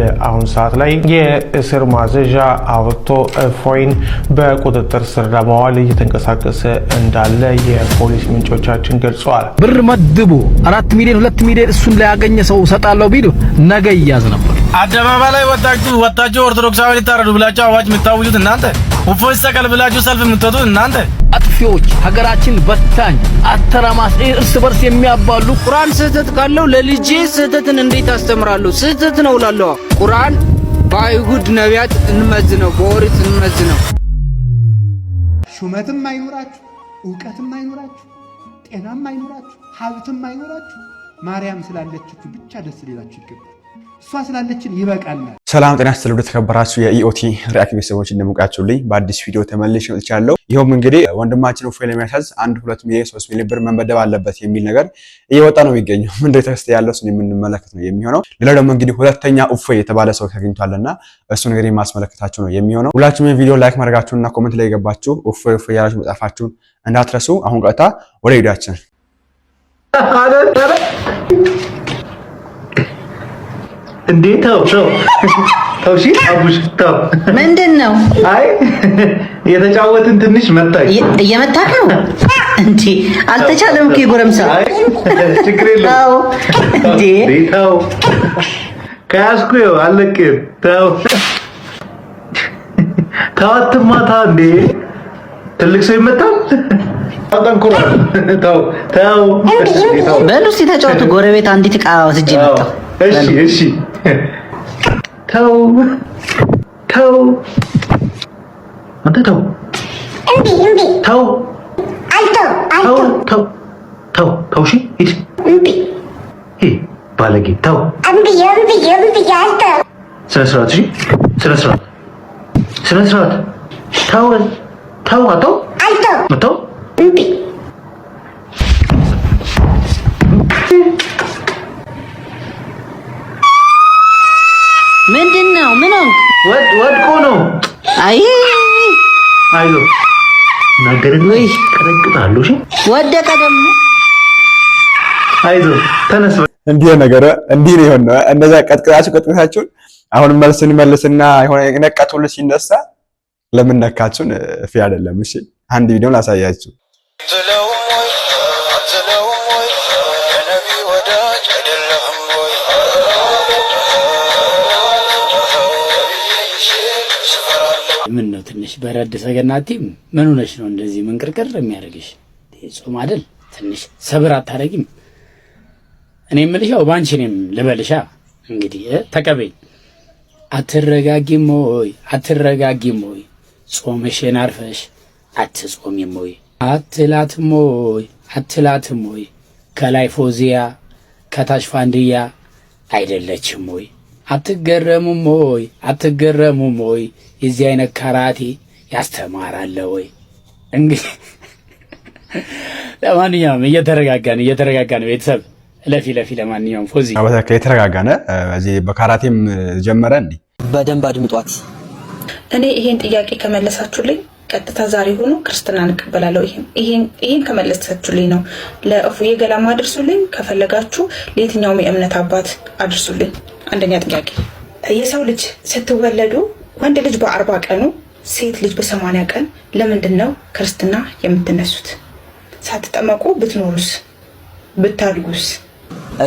በአሁን ሰዓት ላይ የእስር ማዘዣ አውጥቶ እፎይን በቁጥጥር ስር ለማዋል እየተንቀሳቀሰ እንዳለ የፖሊስ ምንጮቻችን ገልጸዋል። ብር መድቡ አራት ሚሊዮን ሁለት ሚሊዮን እሱን ላይ ያገኘ ሰው ሰጣለሁ ቢሉ ነገ እያዝ ነበር። አደባባይ ላይ ወጣችሁ ወጣችሁ ኦርቶዶክሳዊ ልታረዱ ብላችሁ አዋጅ የምታውጁት እናንተ፣ እፎይ ይሰቀል ብላችሁ ሰልፍ የምትወጡት እናንተ ኃላፊዎች ሀገራችን በታኝ አተራማስ እርስ በርስ የሚያባሉ ቁርአን ስህተት ካለው ለልጄ ስህተትን እንዴት አስተምራለሁ? ስህተት ነው ላለው ቁርአን በአይሁድ ነቢያት እንመዝነው፣ በኦሪት እንመዝነው። ሹመትም አይኖራችሁ፣ እውቀትም አይኖራችሁ፣ ጤናም አይኖራችሁ፣ ሀብትም አይኖራችሁ፣ ማርያም ስላለችሁ ብቻ ደስ ሊላችሁ ይገባል። እሷ ስላለችን ይበቃል። ሰላም ጤና ስትል ወደ ተከበራችሁ የኢኦቲ ሪአክት ቤተሰቦች እንደሞቃችሁልኝ በአዲስ ቪዲዮ ተመልሼ መጥቻለሁ። ይኸውም እንግዲህ ወንድማችን እፎይ ለሚያሳዝ አንድ ሁለት ሚሊዮን ሶስት ሚሊዮን ብር መመደብ አለበት የሚል ነገር እየወጣ ነው የሚገኘው። ምንድን ተስተ ያለው እሱን የምንመለከት ነው የሚሆነው። ሌላው ደግሞ እንግዲህ ሁለተኛ እፎይ የተባለ ሰው ተገኝቷልና እሱን እንግዲህ ማስመለከታችሁ ነው የሚሆነው። ሁላችሁም ቪዲዮ ላይክ ማድረጋችሁንና ኮመንት ላይ የገባችሁ እፎይ እፎይ ያላችሁ መጻፋችሁን እንዳትረሱ። አሁን ቀጥታ ወደ ቪዲዮአችን እንዴ ተው ተው ተው። እሺ አቡሽ ተው። ምንድን ነው? አይ የተጫወትን ትንሽ መታ እየመታህ ነው እንዴ? አልተቻለም እኮ የጎረምሳ። ችግር የለም። እንዴ ተው። ከያዝኩ ይኸው አለቅህም። ተው ተው፣ አትማታ እንዴ። ትልቅ ሰው ይመታል። በሉ እስኪ ተጫወቱ። ጎረቤት አንዲት እቃ ወስጄ መጣሁ። ተው ተው አንተ ተው ተው ተው ተው ተው እሺ ሂድ ባለጌ ተው ስነ ስርዓት እሺ ስነ ስርዓት ስነ ስርዓት ተው ተው እንዴ ምንድን ነው? ምን ሆንክ? ወድቆ ነው። አይ አይሎ ናገርን ወይ ቀጠቅጣሉ። እሺ ወደቀ ደግሞ አይዞ ተነስ። እንዲህ ነገር እንዲህ ነው የሆነው። እንደዛ ቀጥቅጣችሁ ቀጥቅታችሁን አሁን መልስን መልስና የሆነ ነቀጡልሽ ሲነሳ ለምን ነካችሁን? ፊ አይደለም። እሺ አንድ ቪዲዮ ላሳያችሁ። ምን ነው ትንሽ በረድ ሰገናቲም ምን ሆነሽ ነው እንደዚህ መንቅርቅር የሚያደርግሽ? ጾም አይደል? ትንሽ ሰብር አታደርጊም? እኔ የምልሽ ያው ባንቺ እኔም ልበልሻ እንግዲህ ተቀበይ። አትረጋጊም ወይ አትረጋጊም ወይ? ጾምሽን አርፈሽ አትጾሚም ወይ? አትላትም ወይ አትላትም ወይ ከላይ ፎዚያ ከታች ፋንድያ አይደለችም ወይ? አትገረሙም ወይ አትገረሙም ወይ? የዚህ አይነት ካራቴ ያስተማራለ ወይ? እንግዲህ ለማንኛውም እየተረጋጋን እየተረጋጋን ቤተሰብ ለፊ ለፊ ለማንኛውም ፎዚ በትክክል የተረጋጋነ በዚህ በካራቴም ጀመረ እንዲህ በደንብ አድምጧት። እኔ ይሄን ጥያቄ ከመለሳችሁልኝ ቀጥታ ዛሬ ሆኖ ክርስትና እንቀበላለው። ይህን ከመለሰችልኝ ነው ለእፉዬ ገላማ አድርሱልኝ፣ ከፈለጋችሁ ለየትኛውም የእምነት አባት አድርሱልኝ። አንደኛ ጥያቄ የሰው ልጅ ስትወለዱ ወንድ ልጅ በአርባ ቀኑ ሴት ልጅ በሰማንያ ቀን ለምንድን ነው ክርስትና የምትነሱት? ሳትጠመቁ ብትኖሩስ ብታድጉስ?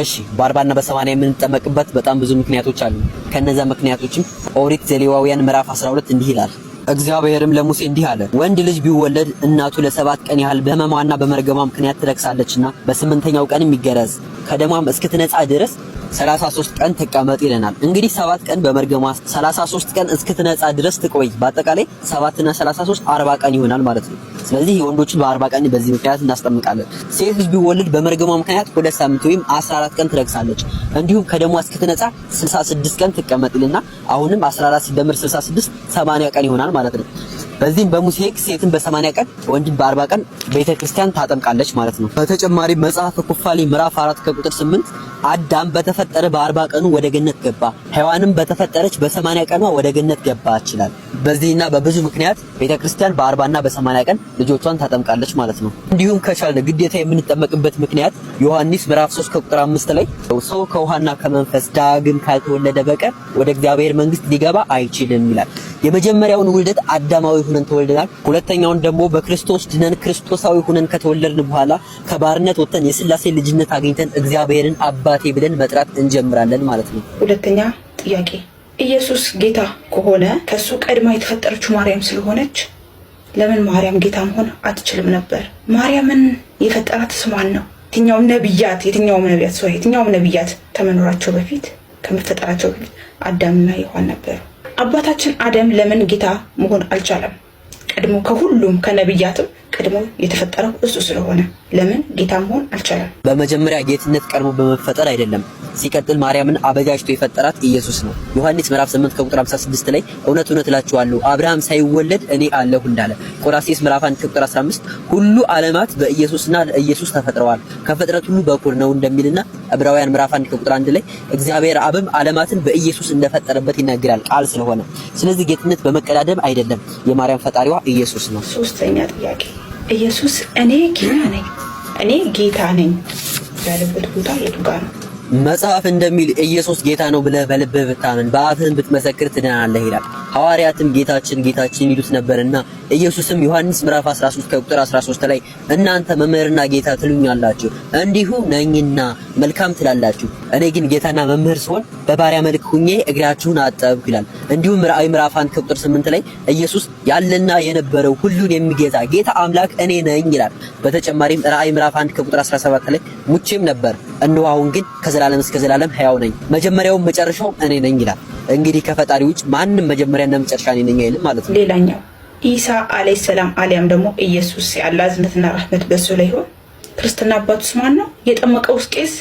እሺ በአርባና በሰማንያ የምንጠመቅበት በጣም ብዙ ምክንያቶች አሉ። ከነዛ ምክንያቶችም ኦሪት ዘሌዋውያን ምዕራፍ 12 እንዲህ ይላል እግዚአብሔርም ለሙሴ እንዲህ አለ፣ ወንድ ልጅ ቢወለድ እናቱ ለሰባት ቀን ያህል በሕመሟና በመርገሟ ምክንያት ትረክሳለችና በስምንተኛው ቀን ይገረዝ ከደሟም እስክትነጻ ድረስ 33 ቀን ትቀመጥ ይለናል። እንግዲህ 7 ቀን በመርገሟ 33 ቀን እስክትነጻ ድረስ ትቆይ። በአጠቃላይ 7 እና 33 40 ቀን ይሆናል ማለት ነው። ስለዚህ የወንዶችን በ40 ቀን በዚህ ምክንያት እናስጠምቃለን። ሴት ልጅ ቢወልድ በመርገሟ ምክንያት ሁለት ሳምንት ወይም 14 ቀን ትረግሳለች። እንዲሁም ከደሟ እስክትነጻ 66 ቀን ትቀመጥ ይልና አሁንም 14 ሲደምር 66 80 ቀን ይሆናል ማለት ነው። በዚህም በሙሴ ሕግ ሴትን በ80 ቀን ወንድን በ40 ቀን ቤተክርስቲያን ታጠምቃለች ማለት ነው። በተጨማሪ መጽሐፈ ኩፋሌ ምዕራፍ 4 ከቁጥር 8 አዳም በተፈጠረ በአርባ ቀኑ ወደ ገነት ገባ፣ ሔዋንም በተፈጠረች በሰማንያ ቀኗ ወደ ገነት ገባ ይችላል። በዚህና በብዙ ምክንያት ቤተክርስቲያን በአርባና በሰማንያ ቀን ልጆቿን ታጠምቃለች ማለት ነው። እንዲሁም ከቻልን ግዴታ የምንጠመቅበት ምክንያት ዮሐንስ ምዕራፍ 3 ከቁጥር 5 ላይ ሰው ከውሃና ከመንፈስ ዳግም ካልተወለደ በቀር ወደ እግዚአብሔር መንግስት ሊገባ አይችልም ይላል። የመጀመሪያውን ውልደት አዳማዊ ሁነን ተወልደናል። ሁለተኛውን ደግሞ በክርስቶስ ድነን ክርስቶሳዊ ሁነን ከተወለድን በኋላ ከባርነት ወጥተን የስላሴ ልጅነት አግኝተን እግዚአብሔርን አባ አባቴ ብለን መጥራት እንጀምራለን ማለት ነው። ሁለተኛ ጥያቄ ኢየሱስ ጌታ ከሆነ ከሱ ቀድማ የተፈጠረችው ማርያም ስለሆነች ለምን ማርያም ጌታ መሆን አትችልም ነበር? ማርያምን የፈጠራት ስማን ነው። የትኛውም ነቢያት የትኛውም ነቢያት ሰ የትኛውም ነቢያት ከመኖራቸው በፊት ከመፈጠራቸው በፊት አዳምና ሔዋን ነበሩ። አባታችን አደም ለምን ጌታ መሆን አልቻለም? ቀድሞ ከሁሉም ከነቢያትም ቀድሞ የተፈጠረው እሱ ስለሆነ ለምን ጌታ መሆን አልቻለም? በመጀመሪያ ጌትነት ቀድሞ በመፈጠር አይደለም። ሲቀጥል ማርያምን አበጃጅቶ የፈጠራት ኢየሱስ ነው። ዮሐንስ ምዕራፍ 8 ከቁጥር 56 ላይ እውነት እውነት እላችኋለሁ አብርሃም ሳይወለድ እኔ አለሁ እንዳለ፣ ቆላሴስ ምዕራፍ 1 ከቁጥር 15 ሁሉ ዓለማት በኢየሱስና ለኢየሱስ ተፈጥረዋል ከፍጥረት ሁሉ በኩል ነው እንደሚልና ዕብራውያን ምዕራፍ 1 ከቁጥር 1 ላይ እግዚአብሔር አብም ዓለማትን በኢየሱስ እንደፈጠረበት ይናገራል ቃል ስለሆነ። ስለዚህ ጌትነት በመቀዳደም አይደለም። የማርያም ፈጣሪዋ ኢየሱስ ነው። ሶስተኛ ጥያቄ ኢየሱስ እኔ ጌታ ነኝ እኔ ጌታ ነኝ ያለበት ቦታ የቱ ጋር ነው? መጽሐፍ እንደሚል ኢየሱስ ጌታ ነው ብለህ በልብህ ብታምን በአፍህም ብትመሰክር ትድናለህ ይላል። ሐዋርያትም ጌታችን ጌታችን ይሉት ነበርና ኢየሱስም ዮሐንስ ምዕራፍ 13 ከቁጥር 13 ላይ እናንተ መምህርና ጌታ ትሉኛላችሁ፣ እንዲሁ ነኝና መልካም ትላላችሁ። እኔ ግን ጌታና መምህር ስሆን በባሪያ መልክ ሁኜ እግራችሁን አጠብኩ ይላል። እንዲሁም ራእይ ምዕራፍ 1 ከቁጥር 8 ላይ ኢየሱስ ያለና የነበረው ሁሉን የሚገዛ ጌታ አምላክ እኔ ነኝ ይላል። በተጨማሪም ራእይ ምዕራፍ 1 ከቁጥር 17 ላይ ሙቼም ነበር እነሆ ግን ግን ከዘላለም እስከ ዘላለም ሕያው ነኝ፣ መጀመሪያውም መጨረሻው እኔ ነኝ ይላል። እንግዲህ ከፈጣሪ ውጭ ማንም መጀመሪያና መጨረሻ እኔ ነኝ አይልም ማለት ነው። ሌላኛው ኢሳ አለይሂ ሰላም አሊያም ደግሞ ኢየሱስ ያለ አዝነትና ረህመት በሱ ላይ ይሆን? ክርስትና አባቱስ ማን ነው? የጠመቀውስ ቄስ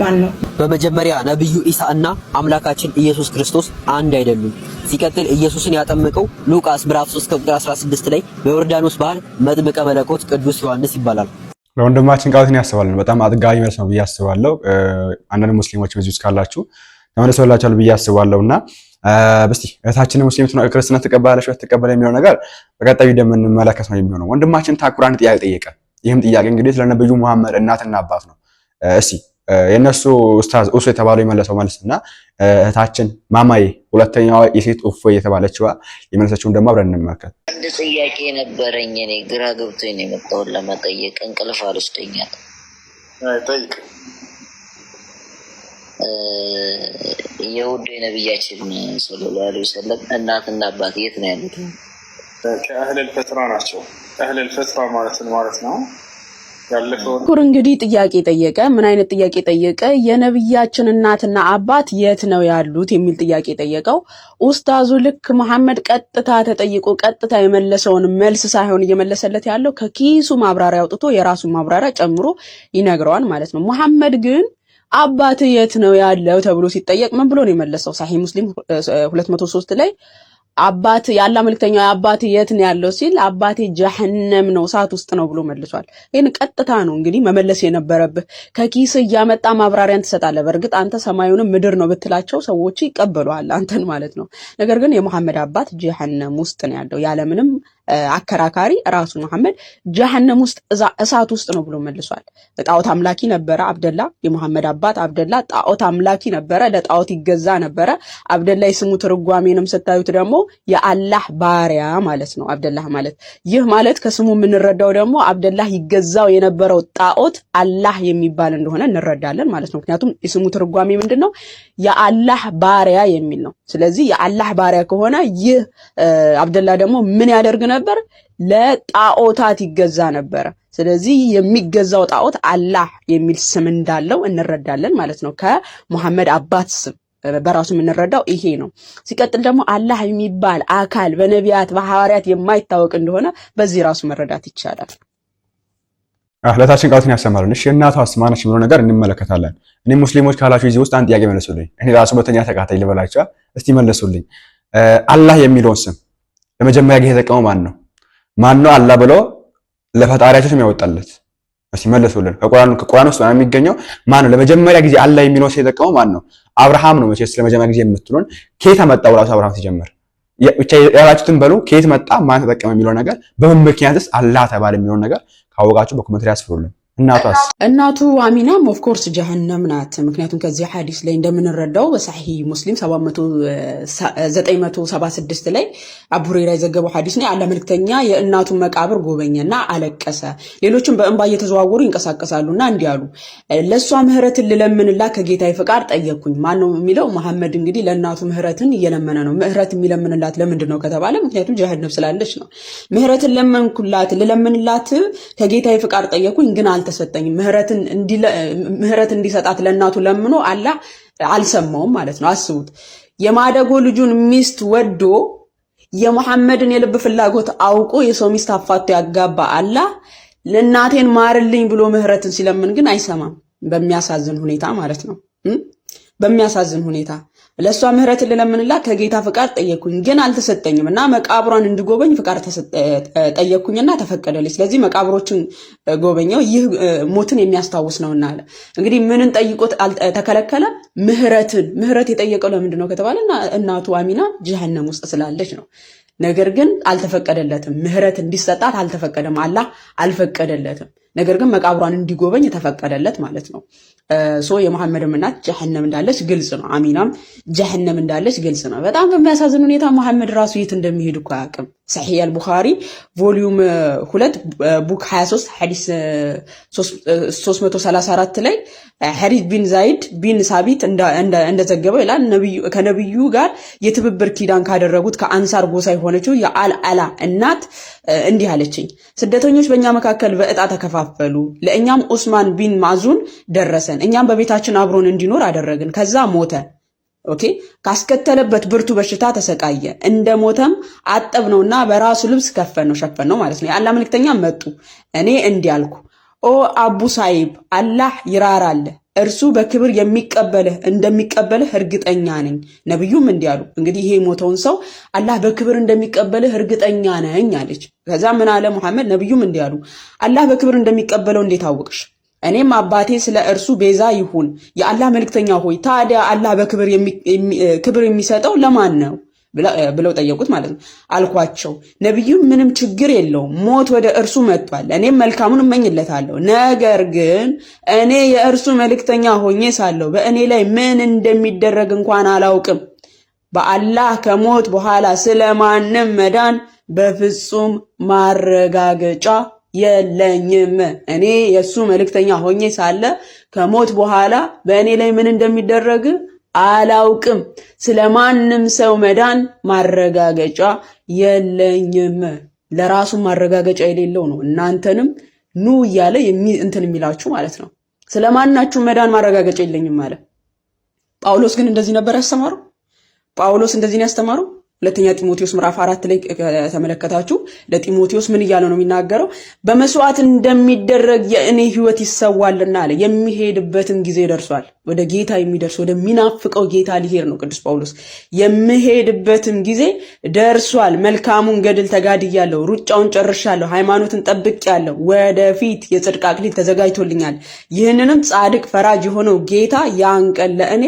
ማን ነው? በመጀመሪያ ነብዩ ኢሳ እና አምላካችን ኢየሱስ ክርስቶስ አንድ አይደሉም። ሲቀጥል ኢየሱስን ያጠመቀው ሉቃስ ምዕራፍ 3 16 ላይ በዮርዳኖስ ባህር መጥምቀ መለኮት ቅዱስ ዮሐንስ ይባላል። ለወንድማችን ቃሉትን ያስባለን። በጣም አጥጋቢ መልስ ነው ብዬ አስባለሁ። አንዳንድ ሙስሊሞች በዚህ ውስጥ ካላችሁ ተመለሰላችኋል ብዬ አስባለሁ እና በስቲ እህታችን ሙስሊም ክርስትና ትቀበላለች ትቀበለ የሚለው ነገር በቀጣዩ እንደምንመለከት ነው የሚሆነው። ወንድማችን ታኩራን ጥያቄ ጠየቀ። ይህም ጥያቄ እንግዲህ ስለነብዩ መሐመድ እናትና አባት ነው። እስቲ የእነሱ ኡስታዝ እሱ የተባለው የመለሰው መልስ እና እህታችን ማማዬ ሁለተኛዋ የሴት ኡፎ የተባለችዋ የመለሰችውን ደግሞ አብረን እንመልከት። አንድ ጥያቄ ነበረኝ። እኔ ግራ ገብቶኝ ነው የመጣሁት ለመጠየቅ። እንቅልፍ አልወስደኛል። ጠይቅ። የውድ የነብያችን ሰለላሁ ዐለይሂ ወሰለም እናትና አባት የት ነው ያሉት? ከአህለል ፈትራ ናቸው። አህለል ፈትራ ማለትን ማለት ነው ኩር እንግዲህ ጥያቄ ጠየቀ። ምን አይነት ጥያቄ ጠየቀ? የነብያችን እናትና አባት የት ነው ያሉት የሚል ጥያቄ ጠየቀው። ኡስታዙ ልክ መሐመድ ቀጥታ ተጠይቆ ቀጥታ የመለሰውን መልስ ሳይሆን እየመለሰለት ያለው ከኪሱ ማብራሪያ አውጥቶ የራሱን ማብራሪያ ጨምሮ ይነግረዋል ማለት ነው። መሐመድ ግን አባት የት ነው ያለው ተብሎ ሲጠየቅ ምን ብሎ ነው የመለሰው? ሳሂ ሙስሊም 203 ላይ አባት ያላ መልክተኛ አባት የት ነው ያለው ሲል አባቴ ጀሀነም ነው እሳት ውስጥ ነው ብሎ መልሷል። ይህን ቀጥታ ነው እንግዲህ መመለስ የነበረብህ። ከኪስ እያመጣ ማብራሪያን ትሰጣለህ። በእርግጥ አንተ ሰማዩንም ምድር ነው ብትላቸው ሰዎች ይቀበሏል፣ አንተን ማለት ነው። ነገር ግን የመሐመድ አባት ጀሀነም ውስጥ ነው ያለው ያለምንም አከራካሪ ራሱ መሐመድ ጀሃነም ውስጥ እሳት ውስጥ ነው ብሎ መልሷል። ጣዖት አምላኪ ነበረ አብደላ። የመሐመድ አባት አብደላ ጣዖት አምላኪ ነበረ፣ ለጣዖት ይገዛ ነበረ። አብደላ የስሙ ትርጓሜንም ስታዩት ደግሞ የአላህ ባሪያ ማለት ነው አብደላህ ማለት። ይህ ማለት ከስሙ የምንረዳው ደግሞ አብደላህ ይገዛው የነበረው ጣዖት አላህ የሚባል እንደሆነ እንረዳለን ማለት ነው። ምክንያቱም የስሙ ትርጓሜ ምንድን ነው? የአላህ ባሪያ የሚል ነው። ስለዚህ የአላህ ባሪያ ከሆነ ይህ አብደላ ደግሞ ምን ያደርግ ነው ነበር? ለጣዖታት ይገዛ ነበረ። ስለዚህ የሚገዛው ጣዖት አላህ የሚል ስም እንዳለው እንረዳለን ማለት ነው። ከሙሐመድ አባት ስም በራሱ የምንረዳው ይሄ ነው። ሲቀጥል ደግሞ አላህ የሚባል አካል በነቢያት በሐዋርያት የማይታወቅ እንደሆነ በዚህ ራሱ መረዳት ይቻላል። እህለታችን ቃላትን ያሰማልን። እሺ እናቷ አስማናች የሚለው ነገር እንመለከታለን። እኔ ሙስሊሞች ካላችሁ እዚህ ውስጥ አንድ ጥያቄ መለሱልኝ። እኔ ራሱ በተኛ ተቃታይ ልበላቸዋል። እስቲ መለሱልኝ አላህ የሚለውን ስም ለመጀመሪያ ጊዜ የተጠቀመው ማን ነው? ማን ነው አላ ብሎ ለፈጣሪያቸው ስም ያወጣለት? እስቲ መለሱልን። ከቁርአን ውስጥ ውስጥ የሚገኘው ማን ነው? ለመጀመሪያ ጊዜ አላ የሚለው ሰው የተጠቀመው ማን ነው? አብርሃም ነው። መቼስ ለመጀመሪያ ጊዜ የምትሉን ከየት መጣው? ራሱ አብርሃም ሲጀምር ብቻ ያላችሁትን በሉ። ከየት መጣ? ማን ተጠቀመ የሚለው ነገር፣ በምን ምክንያትስ አላህ ተባለ የሚለው ነገር ካወቃችሁ በኮሜንት ላይ አስፍሩልን። እናቷስ እናቱ አሚናም ኦፍኮርስ ጀሃነም ናት። ምክንያቱም ከዚህ ሀዲስ ላይ እንደምንረዳው በሳሂ ሙስሊም 976 ላይ አቡ ሁረይራ የዘገበው ሀዲስ ነው። አላህ መልክተኛ የእናቱን መቃብር ጎበኘና አለቀሰ። ሌሎችም በእንባ እየተዘዋወሩ ይንቀሳቀሳሉ እና እንዲህ አሉ፣ ለእሷ ምህረትን ልለምንላት ከጌታ ፍቃድ ጠየቅኩኝ። ማን ነው የሚለው? መሐመድ እንግዲህ ለእናቱ ምህረትን እየለመነ ነው። ምህረት የሚለምንላት ለምንድን ነው ከተባለ ምክንያቱም ጀሃነም ስላለች ነው። ምህረትን ለመንኩላት ልለምንላት ከጌታ ፍቃድ ጠየኩኝ ግን አልተሰጠኝም፣ ምህረት እንዲሰጣት ለእናቱ ለምኖ አላ አልሰማውም ማለት ነው። አስቡት የማደጎ ልጁን ሚስት ወዶ የሙሐመድን የልብ ፍላጎት አውቆ የሰው ሚስት አፋቶ ያጋባ አላ ለእናቴን ማርልኝ ብሎ ምህረትን ሲለምን ግን አይሰማም። በሚያሳዝን ሁኔታ ማለት ነው። በሚያሳዝን ሁኔታ ለእሷ ምህረት ልለምንላ ከጌታ ፍቃድ ጠየኩኝ ግን አልተሰጠኝም እና መቃብሯን እንድጎበኝ ፍቃድ ጠየኩኝና ተፈቀደልኝ። ስለዚህ መቃብሮችን ጎበኘው፣ ይህ ሞትን የሚያስታውስ ነውና አለ። እንግዲህ ምንን ጠይቆ ተከለከለ? ምህረትን። ምህረት የጠየቀው ለምንድን ነው ከተባለ እናቱ አሚና ጀሃነም ውስጥ ስላለች ነው። ነገር ግን አልተፈቀደለትም። ምህረት እንዲሰጣት አልተፈቀደም። አላህ አልፈቀደለትም። ነገር ግን መቃብሯን እንዲጎበኝ የተፈቀደለት ማለት ነው። የመሐመድም እናት ጀሐነም እንዳለች ግልጽ ነው። አሚናም ጀሐነም እንዳለች ግልጽ ነው። በጣም በሚያሳዝን ሁኔታ መሐመድ ራሱ የት እንደሚሄድ እኮ አያውቅም። ሰሒህ አልቡኻሪ ቮሊዩም ሁለት ቡክ 23 ሐዲስ 334 ላይ ሐሪት ቢን ዛይድ ቢን ሳቢት እንደዘገበው ይላል ከነቢዩ ጋር የትብብር ኪዳን ካደረጉት ከአንሳር ጎሳ የሆነችው የአልአላ እናት እንዲህ አለችኝ፣ ስደተኞች በእኛ መካከል በእጣ ተከፋፍ ተካፈሉ። ለእኛም ኡስማን ቢን ማዙን ደረሰን። እኛም በቤታችን አብሮን እንዲኖር አደረግን። ከዛ ሞተ። ኦኬ ካስከተለበት ብርቱ በሽታ ተሰቃየ። እንደ ሞተም አጠብ ነውና በራሱ ልብስ ከፈን ነው ሸፈን ነው ማለት ነው። የአላህ መልክተኛ መጡ። እኔ እንዲህ አልኩ ኦ አቡ ሳይብ አላህ ይራራልህ እርሱ በክብር የሚቀበልህ እንደሚቀበልህ እርግጠኛ ነኝ። ነቢዩም እንዲህ አሉ። እንግዲህ ይሄ የሞተውን ሰው አላህ በክብር እንደሚቀበልህ እርግጠኛ ነኝ አለች። ከዛ ምን አለ ሙሐመድ? ነቢዩም እንዲህ አሉ፣ አላህ በክብር እንደሚቀበለው እንዴት አወቅሽ? እኔም አባቴ ስለ እርሱ ቤዛ ይሁን። የአላህ መልክተኛ ሆይ ታዲያ አላህ በክብር ክብር የሚሰጠው ለማን ነው ብለው ጠየቁት ማለት ነው። አልኳቸው ነቢዩም ምንም ችግር የለውም ሞት ወደ እርሱ መጥቷል፣ እኔም መልካሙን እመኝለታለሁ። ነገር ግን እኔ የእርሱ መልእክተኛ ሆኜ ሳለሁ በእኔ ላይ ምን እንደሚደረግ እንኳን አላውቅም። በአላህ ከሞት በኋላ ስለ ማንም መዳን በፍጹም ማረጋገጫ የለኝም። እኔ የእሱ መልእክተኛ ሆኜ ሳለ ከሞት በኋላ በእኔ ላይ ምን እንደሚደረግ አላውቅም። ስለ ማንም ሰው መዳን ማረጋገጫ የለኝም። ለራሱ ማረጋገጫ የሌለው ነው እናንተንም ኑ እያለ እንትን የሚላችሁ ማለት ነው። ስለማናችሁ መዳን ማረጋገጫ የለኝም አለ። ጳውሎስ ግን እንደዚህ ነበር ያስተማሩ? ጳውሎስ እንደዚህ ነው ያስተማሩ? ሁለተኛ ጢሞቴዎስ ምዕራፍ አራት ላይ ከተመለከታችሁ ለጢሞቴዎስ ምን እያለ ነው የሚናገረው? በመስዋዕት እንደሚደረግ የእኔ ህይወት ይሰዋልና አለ። የሚሄድበትም ጊዜ ደርሷል። ወደ ጌታ የሚደርስ ወደሚናፍቀው ጌታ ሊሄድ ነው ቅዱስ ጳውሎስ። የምሄድበትም ጊዜ ደርሷል። መልካሙን ገድል ተጋድያለሁ፣ ሩጫውን ጨርሻለሁ፣ ሃይማኖትን ጠብቄያለሁ። ወደፊት የጽድቅ አክሊል ተዘጋጅቶልኛል። ይህንንም ጻድቅ ፈራጅ የሆነው ጌታ ያን ቀን ለእኔ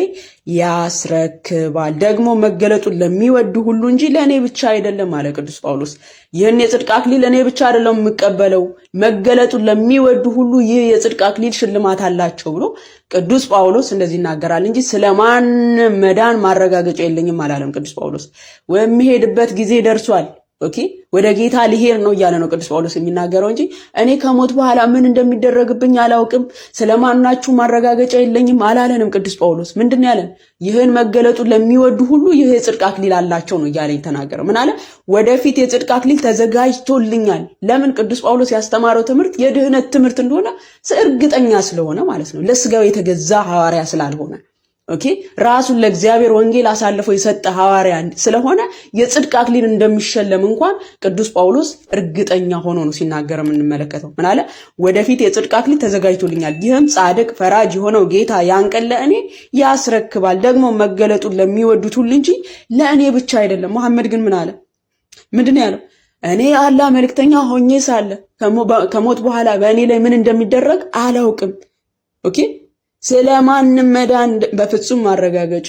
ያስረክባል። ደግሞ መገለጡን ለሚወዱ ሁሉ እንጂ ለእኔ ብቻ አይደለም አለ ቅዱስ ጳውሎስ። ይህን የጽድቅ አክሊል እኔ ብቻ አይደለም የምቀበለው፣ መገለጡን ለሚወዱ ሁሉ ይህ የጽድቅ አክሊል ሽልማት አላቸው ብሎ ቅዱስ ጳውሎስ እንደዚህ ይናገራል እንጂ ስለ ማንም መዳን ማረጋገጫ የለኝም አላለም ቅዱስ ጳውሎስ። ወሚሄድበት ጊዜ ደርሷል ኦኬ ወደ ጌታ ልሄድ ነው እያለ ነው ቅዱስ ጳውሎስ የሚናገረው እንጂ እኔ ከሞት በኋላ ምን እንደሚደረግብኝ አላውቅም፣ ማናችሁ ማረጋገጫ የለኝም አላለንም። ቅዱስ ጳውሎስ ምንድን ያለን? ይህን መገለጡ ለሚወዱ ሁሉ ይህ የጽድቅ አክሊል አላቸው ነው እያለ የተናገረው። ምን አለ? ወደፊት የጽድቅ አክሊል ተዘጋጅቶልኛል። ለምን? ቅዱስ ጳውሎስ ያስተማረው ትምህርት የድህነት ትምህርት እንደሆነ እርግጠኛ ስለሆነ ማለት ነው። ለስጋው የተገዛ ሐዋርያ ስላልሆነ ኦኬ ራሱን ለእግዚአብሔር ወንጌል አሳልፎ የሰጠ ሐዋርያ ስለሆነ የጽድቅ አክሊል እንደሚሸለም እንኳን ቅዱስ ጳውሎስ እርግጠኛ ሆኖ ነው ሲናገር የምንመለከተው። ምን አለ? ወደፊት የጽድቅ አክሊል ተዘጋጅቶልኛል፣ ይህም ጻድቅ ፈራጅ የሆነው ጌታ ያን ቀን ለእኔ ያስረክባል፣ ደግሞ መገለጡን ለሚወዱት ሁሉ እንጂ ለእኔ ብቻ አይደለም። መሐመድ ግን ምን አለ? ምንድን ያለው? እኔ አላ መልክተኛ ሆኜ ሳለ ከሞት በኋላ በእኔ ላይ ምን እንደሚደረግ አላውቅም። ኦኬ ስለ ማንም መዳን በፍጹም ማረጋገጫ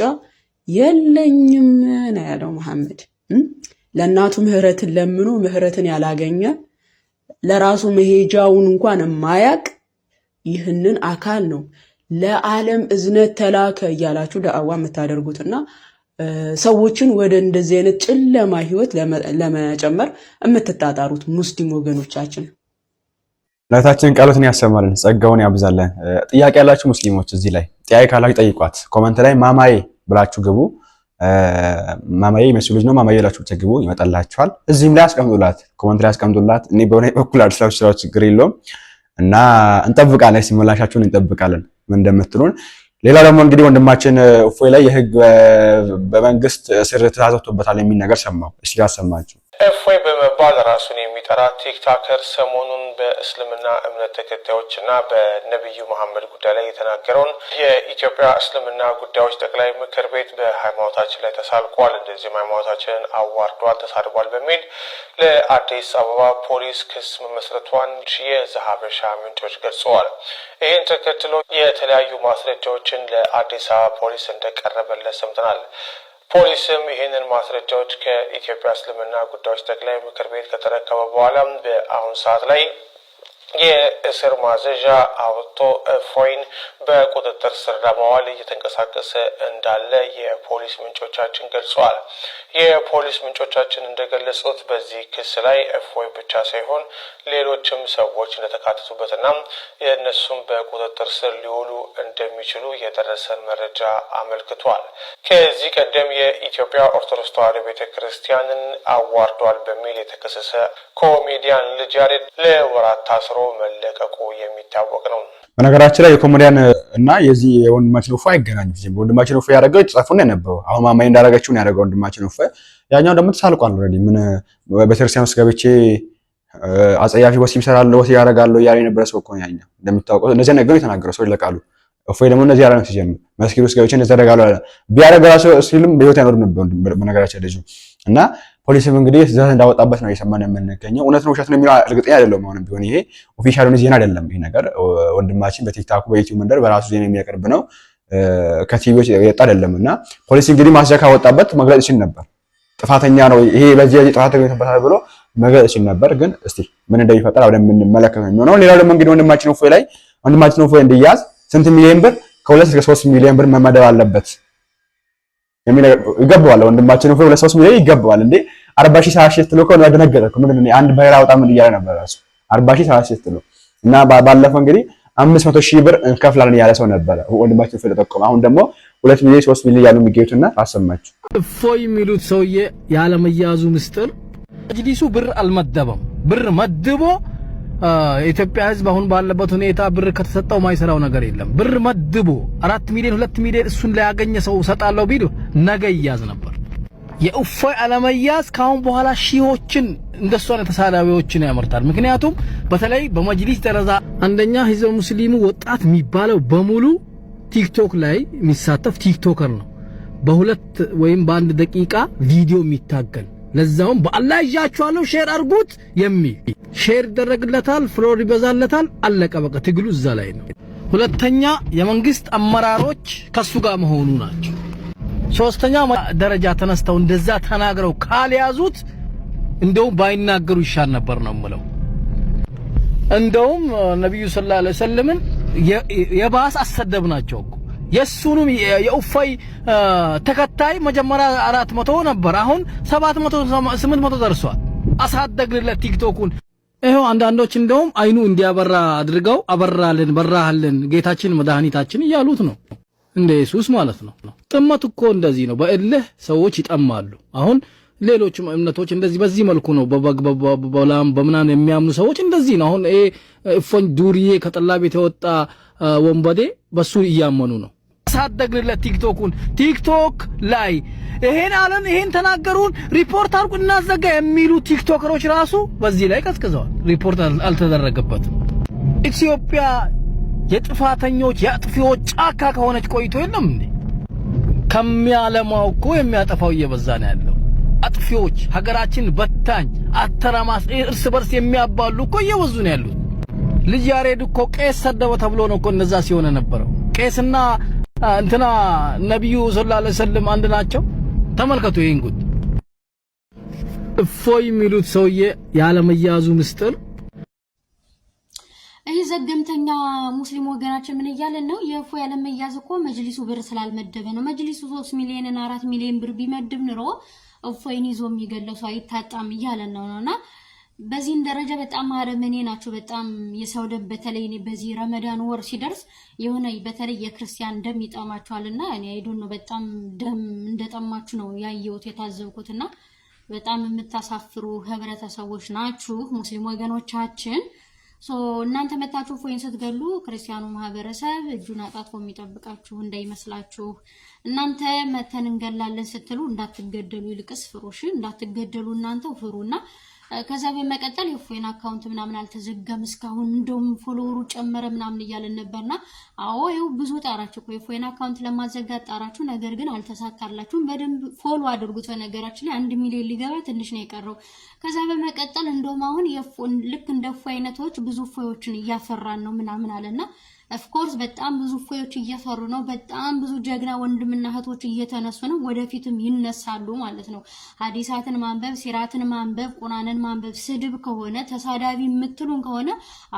የለኝም ነው ያለው መሐመድ። ለእናቱ ምህረትን ለምኖ ምህረትን ያላገኘ ለራሱ መሄጃውን እንኳን የማያቅ ይህንን አካል ነው ለዓለም እዝነት ተላከ እያላችሁ ዳዕዋ የምታደርጉትና ሰዎችን ወደ እንደዚህ አይነት ጨለማ ህይወት ለመጨመር የምትጣጣሩት ሙስሊም ወገኖቻችን እምነታችን ቃሎትን ያሰማልን ጸጋውን ያብዛልን። ጥያቄ ያላችሁ ሙስሊሞች እዚህ ላይ ጥያቄ ካላችሁ ጠይቋት። ኮመንት ላይ ማማዬ ብላችሁ ግቡ። ማማዬ የመሲሁ ልጅ ነው ማማዬ ብላችሁ ብቻ ግቡ፣ ይመጣላችኋል። እዚህም ላይ አስቀምጡላት፣ ኮመንት ላይ አስቀምጡላት። እኔ በሆነ በኩል አድስላችሁ ስራው ችግር የለውም እና እንጠብቃለን። ሲመላሻችሁን እንጠብቃለን ምን እንደምትሉን። ሌላ ደግሞ እንግዲህ ወንድማችን እፎይ ላይ የህግ በመንግስት ስር ተዛዝቶበታል የሚል ነገር ሰማሁ። እሺ ያሰማችሁ እፎይ በመባል ራሱን የሚጠራ ቲክታከር ሰሞኑን በእስልምና እምነት ተከታዮች እና በነቢዩ መሐመድ ጉዳይ ላይ የተናገረውን የኢትዮጵያ እስልምና ጉዳዮች ጠቅላይ ምክር ቤት በሃይማኖታችን ላይ ተሳልቋል፣ እንደዚህም ሃይማኖታችንን አዋርዷል፣ ተሳድቧል በሚል ለአዲስ አበባ ፖሊስ ክስ መመስረቷን የዘሀበሻ ምንጮች ገልጸዋል። ይህን ተከትሎ የተለያዩ ማስረጃዎችን ለአዲስ አበባ ፖሊስ እንደቀረበለት ሰምተናል። ፖሊስም ይህንን ማስረጃዎች ከኢትዮጵያ እስልምና ጉዳዮች ጠቅላይ ምክር ቤት ከተረከበ በኋላ በአሁን ሰዓት ላይ የእስር ማዘዣ አውጥቶ እፎይን በቁጥጥር ስር ለማዋል እየተንቀሳቀሰ እንዳለ የፖሊስ ምንጮቻችን ገልጸዋል። የፖሊስ ምንጮቻችን እንደገለጹት በዚህ ክስ ላይ እፎይ ብቻ ሳይሆን ሌሎችም ሰዎች እንደተካተቱበትና የእነሱም በቁጥጥር ስር ሊውሉ እንደሚችሉ የደረሰን መረጃ አመልክቷል። ከዚህ ቀደም የኢትዮጵያ ኦርቶዶክስ ተዋሕዶ ቤተ ክርስቲያንን አዋርዷል በሚል የተከሰሰ ኮሜዲያን ልጅ ያሬድ ለወራት ታስሮ ታስሮ መለቀቁ የሚታወቅ ነው። በነገራችን ላይ የኮሜዲያን እና የዚህ የወንድማችን እፎይ አይገናኙም። ወንድማችን እፎይ ያደረገው የተጻፈውን የነበረው። አሁን ማማኝ እንዳደረገችው ነው ያደረገው ወንድማችን እፎይ። ያኛው ደግሞ ተሳልቋል። ኦልሬዲ ምን በቤተክርስቲያን ውስጥ ገብቼ አጸያፊ ወሲብ እሰራለሁ፣ ወሲብ ያደርጋለሁ እያለ የነበረ ሰው እኮ ነው ያኛው። እንደምታውቀው እነዚያ ነገር የተናገረው ሰው ይለቃሉ። እፎይ ደግሞ እነዚህ ያደረግ ሲጀምር መስጊድ ውስጥ ገብቼ እንደዚህ ያደርጋለሁ ቢያደርግ ራሱ ሲልም በህይወት አይኖርም ነበር። በነገራችን ልጁ እና ፖሊስም እንግዲህ ትዕዛዝ እንዳወጣበት ነው እየሰማን የምንገኘው። እውነት ነው ውሸት ነው የሚለው እርግጠኛ አይደለም። አሁንም ቢሆን ይሄ ኦፊሻል ዜና አይደለም። ይሄ ነገር ወንድማችን በቲክታኩ በዩቲዩብ መንደር በራሱ ዜና የሚያቀርብ ነው ከቲቪዎች የወጣ አይደለም። እና ፖሊስ እንግዲህ ማስጃ ካወጣበት መግለጽ ይችል ነበር። ጥፋተኛ ነው ይሄ በዚህ በዚህ ጥፋት ተገኝቶበታል ብሎ መግለጽ ይችል ነበር። ግን እስቲ ምን እንደሚፈጠር አብረን የምንመለከት ነው የሚሆነው። ሌላው ደግሞ እንግዲህ ወንድማችን እፎይ ላይ ወንድማችን እፎይ እንዲያዝ ስንት ሚሊዮን ብር ከሁለት እስከ ሶስት ሚሊዮን ብር መመደብ አለበት ይገባዋል። ወንድማችን እፎይ ሁለት ሶስት ሚሊዮን ይገባዋል እንዴ! አርባ ሺህ ሰላሳ ሺህ ስትለው እኮ ያደነገጠ እኮ ምንድን ነው አንድ ባይራ አውጣ ምን እያለ ነበር እራሱ አርባ ሺህ ሰላሳ ሺህ ስትለው እና ባለፈው እንግዲህ አምስት መቶ ሺህ ብር እንከፍላለን ያለ ሰው ነበረ ወንድማችን ፍል ጠቆመ። አሁን ደግሞ ሁለት ሚሊዮን ሶስት ሚሊዮን ያሉ የሚገኙትና አሰማችሁ እፎይ የሚሉት ሰውዬ ያለመያዙ ምስጢር መጅሊሱ ብር አልመደበም። ብር መድቦ የኢትዮጵያ ህዝብ አሁን ባለበት ሁኔታ ብር ከተሰጠው ማይሰራው ነገር የለም። ብር መድቦ አራት ሚሊዮን ሁለት ሚሊዮን እሱን ላይ ያገኘ ሰው ሰጣለሁ ቢሉ ነገ ይያዝ ነበር። የእፎይ አለመያዝ ካሁን በኋላ ሺዎችን እንደሱ አይነት ተሳዳቢዎችን ያመርታል። ምክንያቱም በተለይ በመጅሊስ ደረጃ አንደኛ ህዝበ ሙስሊሙ ወጣት የሚባለው በሙሉ ቲክቶክ ላይ የሚሳተፍ ቲክቶከር ነው። በሁለት ወይም በአንድ ደቂቃ ቪዲዮ የሚታገል ለዛውም በአላህ ይዣችኋለሁ ሼር አርጉት የሚ ሼር ይደረግለታል፣ ፍሎር ይበዛለታል። አለቀ በቃ ትግሉ እዛ ላይ ነው። ሁለተኛ የመንግስት አመራሮች ከሱ ጋር መሆኑ ናቸው። ሶስተኛ ደረጃ ተነስተው እንደዛ ተናግረው ካልያዙት እንደውም ባይናገሩ ይሻል ነበር ነው የምለው። እንደውም ነቢዩ ሰለላሁ ዐለይሂ ወሰለምን የባስ አሰደብ ናቸው እኮ የሱንም የኡፋይ ተከታይ መጀመሪያ አራት መቶ ነበር፣ አሁን ሰባት መቶ ስምንት መቶ ደርሷል። አሳደግንለት ቲክቶኩን። ይኸው አንዳንዶች እንደውም አይኑ እንዲያበራ አድርገው አበራልን፣ በራህልን ጌታችን መድኃኒታችን እያሉት ነው። እንደ ኢየሱስ ማለት ነው። ጥመት እኮ እንደዚህ ነው። በእልህ ሰዎች ይጠማሉ። አሁን ሌሎችም እምነቶች እንደዚህ በዚህ መልኩ ነው። በበግ በላም በምናን የሚያምኑ ሰዎች እንደዚህ ነው። አሁን ይሄ እፎኝ ዱርዬ ከጠላ ቤት የወጣ ወንበዴ በሱ እያመኑ ነው። አሳደግንለት ቲክቶኩን። ቲክቶክ ላይ ይሄን አለን፣ ይሄን ተናገሩን፣ ሪፖርት አርቁ፣ እናዘጋ የሚሉ ቲክቶከሮች ራሱ በዚህ ላይ ቀዝቅዘዋል። ሪፖርት አልተደረገበትም ኢትዮጵያ የጥፋተኞች የአጥፊዎች ጫካ ከሆነች ቆይቶ የለም እንዴ? ከሚያለማው እኮ የሚያጠፋው እየበዛ ነው ያለው። አጥፊዎች፣ ሀገራችን በታኝ፣ አተራማስ፣ እርስ በርስ የሚያባሉ እኮ እየበዙ ነው ያሉት። ልጅ ያሬድ እኮ ቄስ ሰደበ ተብሎ ነው እኮ እነዛ ሲሆነ ነበረው። ቄስና እንትና ነቢዩ ሰለላሁ ዐለይሂ ወሰለም አንድ ናቸው። ተመልከቱ ይህን ጉድ። እፎይ የሚሉት ሰውዬ ያለመያዙ ምስጢር ይህ ዘገምተኛ ሙስሊም ወገናችን ምን እያለን ነው? የእፎ ያለመያዝ እኮ መጅሊሱ ብር ስላልመደበ ነው። መጅሊሱ ሶስት ሚሊዮንን አራት ሚሊዮን ብር ቢመድብ ኑሮ እፎይን ይዞ የሚገለሱ አይታጣም እያለን ነው ነውና በዚህም ደረጃ በጣም አረመኔ ናቸው። በጣም የሰው ደም በተለይ በዚህ ረመዳን ወር ሲደርስ የሆነ በተለይ የክርስቲያን ደም ይጠማቸዋል እና እኔ አይዶን ነው በጣም ደም እንደጠማችሁ ነው ያየሁት የታዘብኩት። እና በጣም የምታሳፍሩ ህብረተሰቦች ናችሁ ሙስሊም ወገኖቻችን። እናንተ መታችሁ ፎይን ስትገሉ ክርስቲያኑ ማህበረሰብ እጁን አጣጥፎ የሚጠብቃችሁ እንዳይመስላችሁ። እናንተ መተን እንገላለን ስትሉ እንዳትገደሉ፣ ይልቅስ ፍሩሽ እንዳትገደሉ እናንተው ፍሩና ከዛ በመቀጠል የፎይን አካውንት ምናምን አልተዘጋም እስካሁን እንደውም ፎሎወሩ ጨመረ ምናምን እያለን ነበርና፣ አዎ ይው ብዙ ጣራችሁ እኮ የፎይን አካውንት ለማዘጋት ጣራችሁ፣ ነገር ግን አልተሳካላችሁም። በደንብ ፎሎ አድርጉት። በነገራችን ላይ አንድ ሚሊዮን ሊገባ ትንሽ ነው የቀረው። ከዛ በመቀጠል እንደውም አሁን ልክ እንደ ፎይ አይነቶች ብዙ ፎዮችን እያፈራን ነው ምናምን አለና ኦፍኮርስ በጣም ብዙ እፎዮች እየፈሩ ነው። በጣም ብዙ ጀግና ወንድምና እህቶች እየተነሱ ነው። ወደፊትም ይነሳሉ ማለት ነው። ሀዲሳትን ማንበብ፣ ሲራትን ማንበብ፣ ቁራንን ማንበብ ስድብ ከሆነ ተሳዳቢ የምትሉን ከሆነ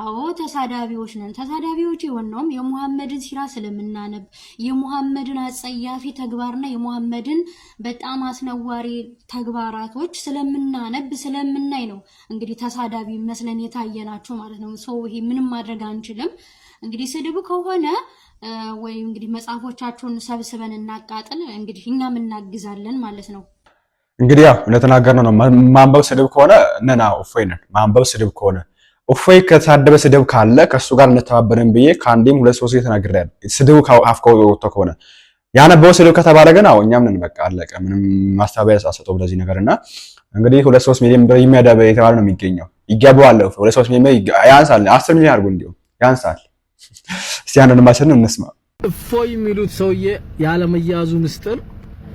አዎ ተሳዳቢዎች ነን። ተሳዳቢዎች የሆነውም የሙሐመድን ሲራ ስለምናነብ የሙሐመድን አጸያፊ ተግባርና የሙሐመድን በጣም አስነዋሪ ተግባራቶች ስለምናነብ ስለምናይ ነው እንግዲህ ተሳዳቢ መስለን የታየናቸው ማለት ነው። ሰው ይሄ ምንም ማድረግ አንችልም። እንግዲህ ስድቡ ከሆነ ወይ እንግዲህ መጽሐፎቻችሁን ሰብስበን እናቃጥል፣ እንግዲህ እኛም እናግዛለን ማለት ነው። እንግዲህ ያው እንደተናገርነው ነው። ማንበብ ስድብ ከሆነ ነና እፎይ ነን። ማንበብ ስድብ ከሆነ እፎይ ከተሳደበ ስድብ ካለ ከእሱ ጋር እንተባበርን ብዬ ከአንዴም ሁለት ሶስት እየተናገር ያለ ስድቡ አፍከ ወጥቶ ከሆነ ያነበበው ስድብ ከተባለ ግን አዎ እኛም ነን። በቃ አለቀ። ምንም ማስተባበያ አሰጠው ለዚህ ነገር እና እንግዲህ ሁለት ሶስት ሚሊዮን ብር የሚያደበ የተባለ ነው የሚገኘው ይገባዋል። ሁለት ሶስት ሚሊዮን ያንሳል። አስር ሚሊዮን አድርጉ እንዲሁም ያንሳል። እስቲ አንዱን ማሽን እንስማ። እፎይ የሚሉት ሰውዬ ያለመያዙ ምስጢር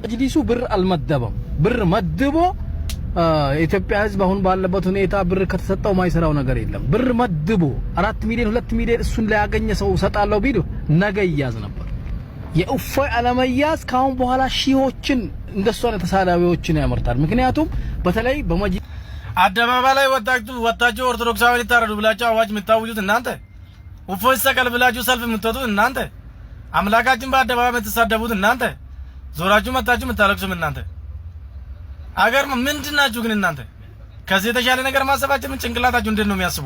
መጅሊሱ ብር አልመደበም። ብር መድቦ የኢትዮጵያ ሕዝብ አሁን ባለበት ሁኔታ ብር ከተሰጠው ማይሰራው ነገር የለም። ብር መድቦ አራት ሚሊዮን ሁለት ሚሊዮን እሱን ላያገኘ ሰው ሰጣለሁ ቢሉ ነገ ይያዝ ነበር። የእፎይ አለመያዝ ከአሁን በኋላ ሺዎችን እንደሷ አይነት ተሳዳቢዎችን ያመርታል። ምክንያቱም በተለይ በመጅ አደባባይ ላይ ወጣችሁ ወጣችሁ ኦርቶዶክሳዊ ልታረዱ ብላችሁ አዋጅ የምታውጁት እናንተ ውፎች ሰቀል ብላችሁ ሰልፍ የምትወጡት እናንተ፣ አምላካችን በአደባባይ የምትሳደቡት እናንተ፣ ዞራችሁ መታችሁ የምታለቅሱም እናንተ። አገር ምንድናችሁ ግን እናንተ? ከዚህ የተሻለ ነገር ማሰባችን ምን? ጭንቅላታችሁ እንዴት ነው የሚያስቡ?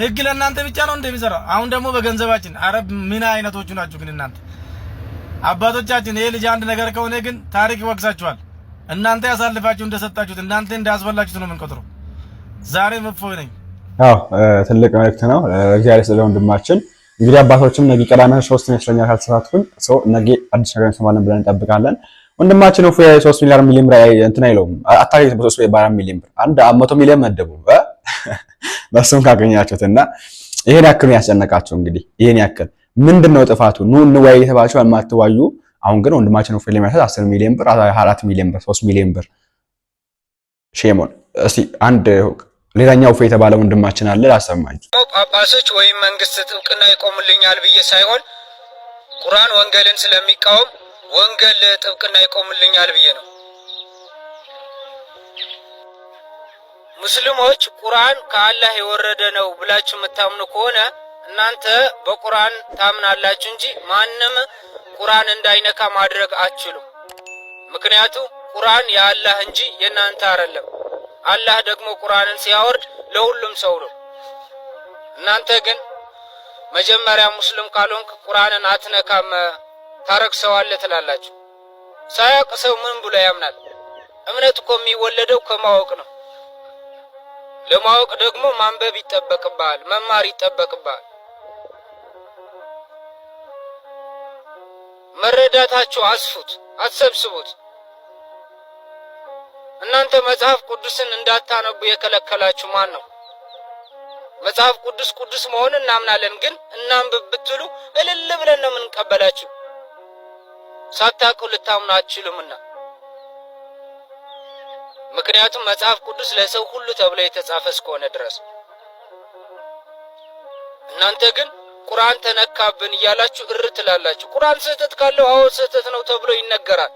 ህግ ለእናንተ ብቻ ነው እንደሚሰራው። አሁን ደግሞ በገንዘባችን አረብ ምን አይነቶቹ ናችሁ ግን እናንተ? አባቶቻችን ይሄ ልጅ አንድ ነገር ከሆነ ግን ታሪክ ይወቅሳችኋል። እናንተ ያሳልፋችሁ እንደሰጣችሁት እናንተ እንዳስበላችሁት ነው የምንቆጥረው። ዛሬ መፎ ነኝ። ትልቅ መልእክት ነው። እግዚአብሔር ስለ ወንድማችን እንግዲህ አባቶችም ነገ ቀዳሚ ሶስት ይመስለኛል ካልተሳትኩኝ ሰው ነገ አዲስ ነገር እንሰማለን ብለን እንጠብቃለን። ወንድማችን እፎይ ሶስት ሚሊዮን ሚሊዮን ብር እንትን አይለውም አታገኝ በሶስት በአራት ሚሊዮን ብር አንድ መቶ ሚሊዮን መደቡ በሱም ካገኛችሁት እና ይሄን ያክል ያስጨነቃችሁ እንግዲህ ይሄን ያክል ምንድን ነው ጥፋቱ? ኑ እንወያይ የተባችሁ የማትዋዩ አሁን ግን ወንድማችን እፎይ ለሚያሳት 10 ሚሊዮን ብር አራት ሚሊዮን ብር 3 ሚሊዮን ብር ሼሞን እስቲ አንድ ሌላኛው እፎይ የተባለ ወንድማችን አለ ላሰማችሁ። ጳጳሶች ወይም መንግስት ጥብቅና ይቆሙልኛል ብዬ ሳይሆን ቁርአን ወንጌልን ስለሚቃወም ወንጌል ጥብቅና ይቆሙልኛል ብዬ ነው። ሙስሊሞች ቁርአን ከአላህ የወረደ ነው ብላችሁ የምታምኑ ከሆነ እናንተ በቁርአን ታምናላችሁ እንጂ ማንም ቁርአን እንዳይነካ ማድረግ አትችሉም። ምክንያቱም ቁርአን የአላህ እንጂ የእናንተ አይደለም። አላህ ደግሞ ቁርአንን ሲያወርድ ለሁሉም ሰው ነው። እናንተ ግን መጀመሪያ ሙስሊም ካልሆንክ ቁርአንን አትነካም ታረክሰዋለህ ትላላችሁ። ሳያውቅ ሰው ምን ብሎ ያምናል? እምነት እኮ የሚወለደው ከማወቅ ነው። ለማወቅ ደግሞ ማንበብ ይጠበቅብሃል፣ መማር ይጠበቅብሃል። መረዳታችሁ አስፉት፣ አትሰብስቡት። እናንተ መጽሐፍ ቅዱስን እንዳታነቡ የከለከላችሁ ማን ነው? መጽሐፍ ቅዱስ ቅዱስ መሆን እናምናለን፣ ግን እናም ብትሉ እልል ብለን ነው የምንቀበላችሁ። ሳታውቁ ልታምኑ አትችሉምና። ምክንያቱም መጽሐፍ ቅዱስ ለሰው ሁሉ ተብሎ የተጻፈ እስከሆነ ድረስ እናንተ ግን ቁርአን ተነካብን እያላችሁ እር ትላላችሁ። ቁርአን ስህተት ካለው አዎ ስህተት ነው ተብሎ ይነገራል።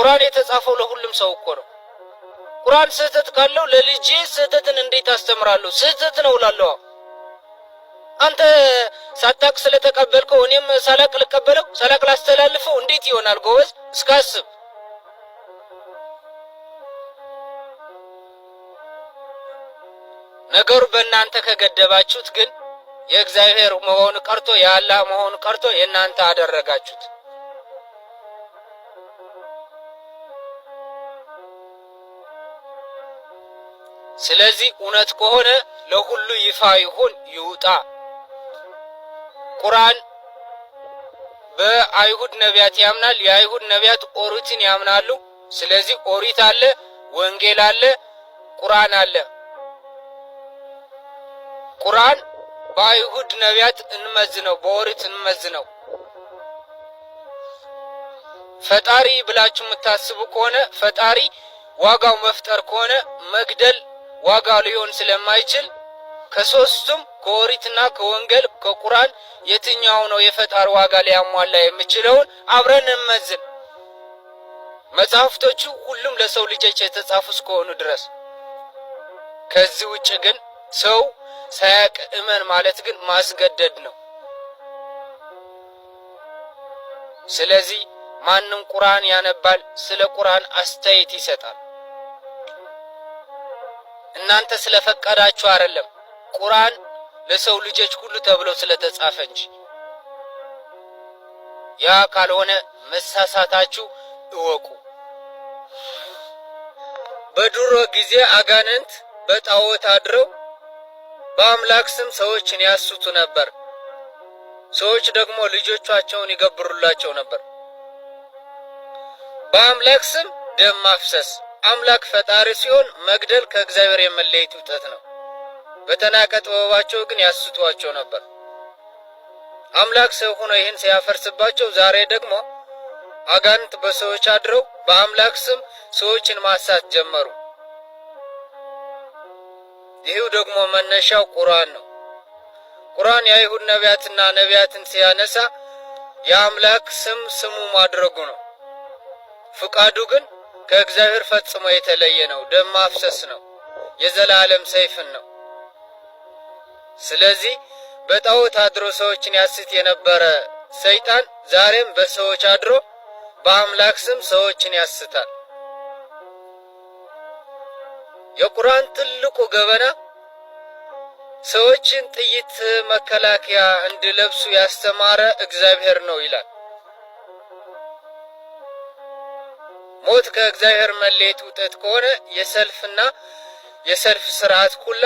ቁርአን የተጻፈው ለሁሉም ሰው እኮ ነው። ቁርአን ስህተት ካለው ለልጄ ስህተትን እንዴት አስተምራለሁ? ስህተት ነው እላለሁ። አንተ ሳታቅ ስለተቀበልከው እኔም ሳላቅ ልቀበለው፣ ሳላቅ ላስተላልፈው እንዴት ይሆናል? ጎበዝ እስካስብ ነገሩ በእናንተ ከገደባችሁት ግን የእግዚአብሔር መሆን ቀርቶ የአላህ መሆን ቀርቶ የእናንተ አደረጋችሁት። ስለዚህ እውነት ከሆነ ለሁሉ ይፋ ይሁን ይውጣ። ቁርአን በአይሁድ ነቢያት ያምናል። የአይሁድ ነቢያት ኦሪትን ያምናሉ። ስለዚህ ኦሪት አለ፣ ወንጌል አለ፣ ቁርአን አለ። ቁርአን በአይሁድ ነቢያት እንመዝ ነው፣ በኦሪት እንመዝ ነው። ፈጣሪ ብላችሁ የምታስቡ ከሆነ ፈጣሪ ዋጋው መፍጠር ከሆነ መግደል ዋጋ ሊሆን ስለማይችል ከሶስቱም ከኦሪትና ከወንጌል ከቁርአን የትኛው ነው የፈጣር ዋጋ ሊያሟላ የሚችለውን አብረን እንመዝን። መጽሐፍቶቹ ሁሉም ለሰው ልጆች የተጻፉ እስከሆኑ ድረስ ከዚህ ውጭ ግን ሰው ሳያቅ እመን ማለት ግን ማስገደድ ነው። ስለዚህ ማንም ቁርአን ያነባል፣ ስለ ቁርአን አስተያየት ይሰጣል። እናንተ ስለፈቀዳችሁ አይደለም፣ ቁርአን ለሰው ልጆች ሁሉ ተብሎ ስለተጻፈ እንጂ። ያ ካልሆነ መሳሳታችሁ እወቁ። በድሮ ጊዜ አጋንንት በጣዖት አድረው በአምላክ ስም ሰዎችን ያስቱ ነበር። ሰዎች ደግሞ ልጆቻቸውን ይገብሩላቸው ነበር በአምላክ ስም ደም ማፍሰስ አምላክ ፈጣሪ ሲሆን መግደል ከእግዚአብሔር የመለየት ውጠት ነው። በተናቀ ጥበባቸው ግን ያስቷቸው ነበር። አምላክ ሰው ሆኖ ይህን ሲያፈርስባቸው፣ ዛሬ ደግሞ አጋንንት በሰዎች አድረው በአምላክ ስም ሰዎችን ማሳት ጀመሩ። ይህው ደግሞ መነሻው ቁርአን ነው። ቁርአን የአይሁድ ነቢያትና ነቢያትን ሲያነሳ የአምላክ ስም ስሙ ማድረጉ ነው። ፍቃዱ ግን ከእግዚአብሔር ፈጽሞ የተለየ ነው። ደም ማፍሰስ ነው። የዘላለም ሰይፍን ነው። ስለዚህ በጣዖት አድሮ ሰዎችን ያስት የነበረ ሰይጣን ዛሬም በሰዎች አድሮ በአምላክ ስም ሰዎችን ያስታል። የቁርአን ትልቁ ገበና ሰዎችን ጥይት መከላከያ እንዲለብሱ ያስተማረ እግዚአብሔር ነው ይላል። ሞት ከእግዚአብሔር መለየት ውጠት ከሆነ የሰልፍና የሰልፍ ስርዓት ኩላ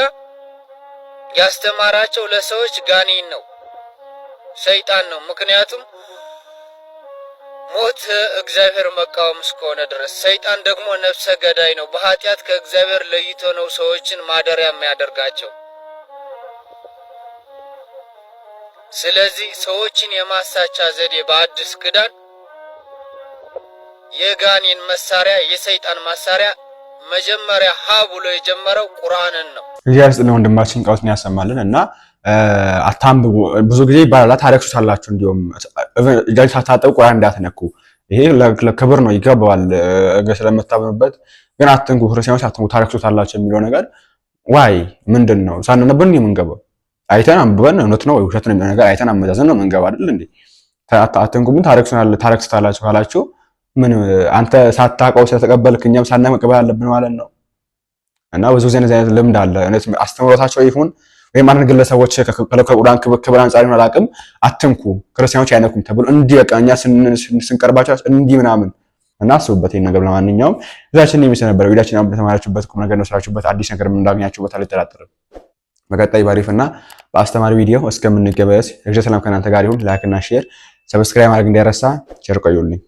ያስተማራቸው ለሰዎች ጋኔን ነው፣ ሰይጣን ነው። ምክንያቱም ሞት እግዚአብሔር መቃወም እስከሆነ ድረስ ሰይጣን ደግሞ ነፍሰ ገዳይ ነው። በኃጢአት ከእግዚአብሔር ለይቶ ነው ሰዎችን ማደሪያ የሚያደርጋቸው። ስለዚህ ሰዎችን የማሳቻ ዘዴ በአዲስ ክዳን የጋኔን መሳሪያ የሰይጣን መሳሪያ መጀመሪያ ሀ ብሎ የጀመረው ቁርአንን ነው። እግዚአብሔር ይስጥልን ወንድማችን ቃውትን ያሰማልን እና አታንብቡ ብዙ ጊዜ ይባላል። ታረክሱታላችሁ እንዲሁም እጃችሁ ሳታጠቡ ቁርአን እንዳትነኩ። ይሄ ለክብር ነው ይገባዋል እገ ስለምታምኑበት። ግን አትንኩ፣ ክርስቲያኖች አትንኩ፣ ታሪክ ታረክሱታላችሁ የሚለው ነገር ዋይ ምንድን ነው? ሳንነብን ነው የምንገባው። አይተን አንብበን እውነት ነው ወይ ውሸት ነው የሚለው ነገር አይተን አመዛዘን ነው የምንገባ አይደል እንዴ? አትንኩ፣ ግን ታሪክ ታረክሱታላችሁ ካላችሁ ምን አንተ ሳታውቀው ስለተቀበልክ እኛም ሳናውቅ አለብን ማለት ነው። እና ብዙ ጊዜ እንደዚህ አይነት ልምድ አለ። አስተምሮታቸው ይሁን ወይም አንድ ግለሰቦች ከቁርአን ክብር አንጻር ይሆን አላውቅም፣ አትንኩ ክርስቲያኖች አይነኩም ተብሎ እንዲህ በቃ እኛ ስንቀርባቸው እንዲህ ምናምን እና አስቡበት ይህን ነገር። ለማንኛውም እዛችን የሚስ ነበር ቪዲዮችን አሁን በተማራችሁበት ቁም ነገር ነው ስራችሁበት አዲስ ነገር እንዳገኛችሁበት አልጠራጠርም። በቀጣይ ባሪፍ እና በአስተማሪ ቪዲዮ እስከምንገበያስ እግዚአብሔር ሰላም ከእናንተ ጋር ይሁን። ላይክ እና ሼር፣ ሰብስክራይብ ማድረግ እንዳይረሳ። ቸር ቆዩልኝ።